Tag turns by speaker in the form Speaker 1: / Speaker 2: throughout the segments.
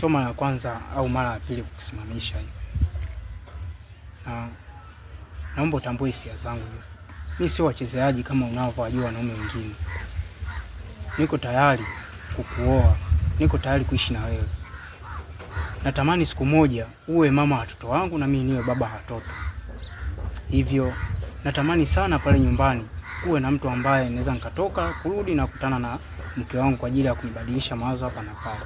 Speaker 1: sio mara ya kwanza au mara ya pili kukusimamisha hiyo. Na naomba utambue hisia zangu. Mimi sio wachezeaji kama unavyowajua wanaume wengine. Niko tayari kukuoa, niko tayari kuishi na wewe. Natamani siku moja uwe mama wa watoto wangu na mimi niwe baba wa watoto. Hivyo natamani sana pale nyumbani uwe na mtu ambaye naweza nikatoka kurudi na kukutana na mke wangu kwa ajili ya kuibadilisha mawazo hapa na pale.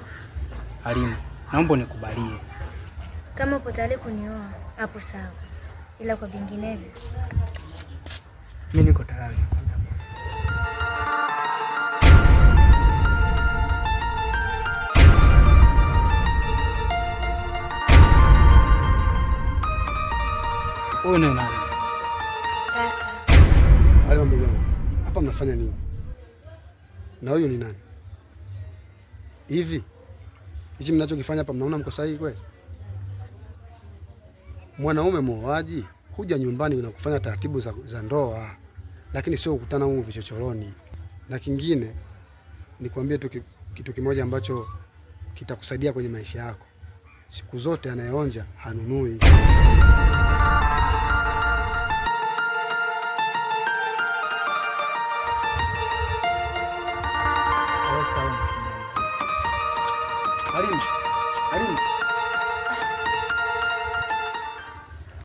Speaker 1: Halima, naomba nikubalie.
Speaker 2: Kama upo tayari kunioa hapo sawa, ila kwa vinginevyo
Speaker 1: mimi niko tayari. Wewe ni nani?
Speaker 3: hapa mnafanya nini? Na huyu ni nani? Hivi hichi mnachokifanya hapa, mnaona mko sahihi kweli? Mwanaume muoaji huja nyumbani unakufanya taratibu za, za ndoa, lakini sio kukutana huko vichochoroni. Na kingine nikwambie tu kitu kimoja ambacho kitakusaidia kwenye maisha yako, siku zote anayeonja hanunui.
Speaker 1: Harim, Harim.